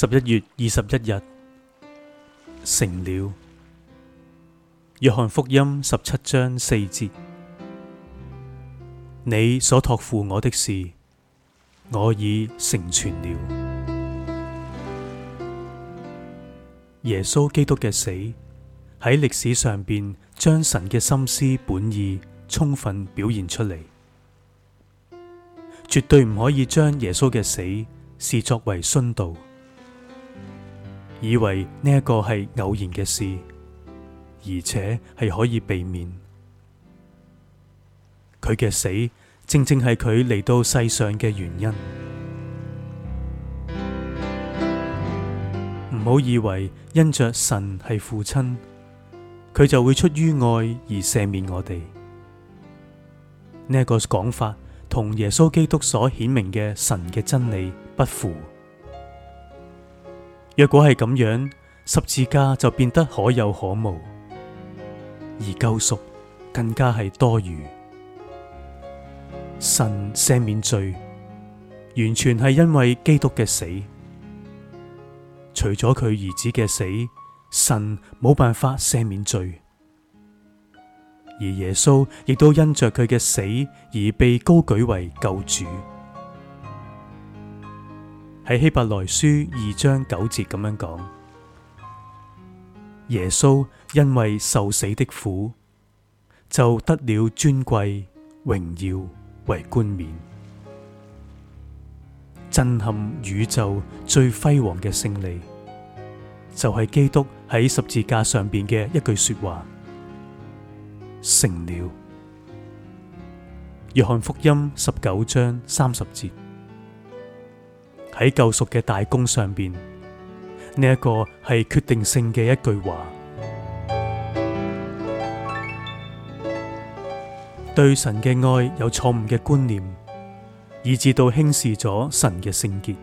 十一月二十一日，成了。約翰福音十七章四節，你所託付我的事，我已成全了。耶穌基督嘅死喺歷史上邊，將神嘅心思本意充分表現出嚟，絕對唔可以將耶穌嘅死視作為殉道。以為呢一個係偶然嘅事，而且係可以避免。佢嘅死，正正係佢嚟到世上嘅原因。唔好以為因着神係父親，佢就會出於愛而赦免我哋。呢一個講法同耶穌基督所顯明嘅神嘅真理不符。若果係咁樣，十字架就變得可有可無，而救贖更加係多餘。神赦免罪，完全係因為基督嘅死。除咗佢兒子嘅死，神冇辦法赦免罪。而耶穌亦都因着佢嘅死而被高舉為救主。喺希伯來書二章九節咁樣講，耶穌因為受死的苦，就得了尊貴榮耀為冠冕，震撼宇宙最輝煌嘅勝利，就係、是、基督喺十字架上面嘅一句說話，成了。約翰福音十九章三十節。喺救贖嘅大功上邊，呢一個係決定性嘅一句話。對神嘅愛有錯誤嘅觀念，以至到輕視咗神嘅聖潔，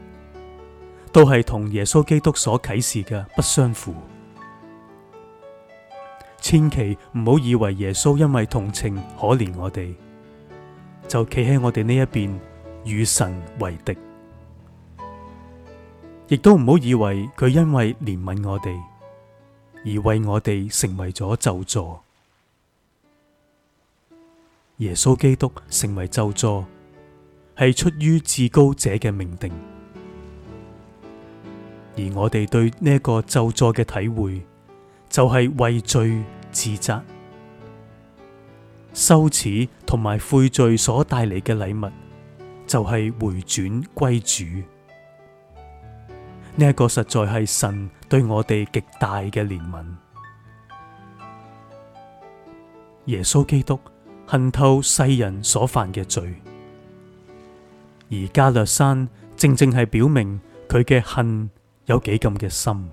都係同耶穌基督所啟示嘅不相符。千祈唔好以為耶穌因為同情可憐我哋，就企喺我哋呢一邊，與神為敵。亦都唔好以為佢因為憐憫我哋而為我哋成為咗咒詛。耶穌基督成為咒詛，係出於至高者嘅命定。而我哋對呢一個咒詛嘅體會，就係、是、畏罪自責、羞恥同埋悔罪所帶嚟嘅禮物，就係、是、回轉歸主。呢一個實在係神對我哋極大嘅憐憫。耶穌基督恨透世人所犯嘅罪，而加略山正正係表明佢嘅恨有幾咁嘅深。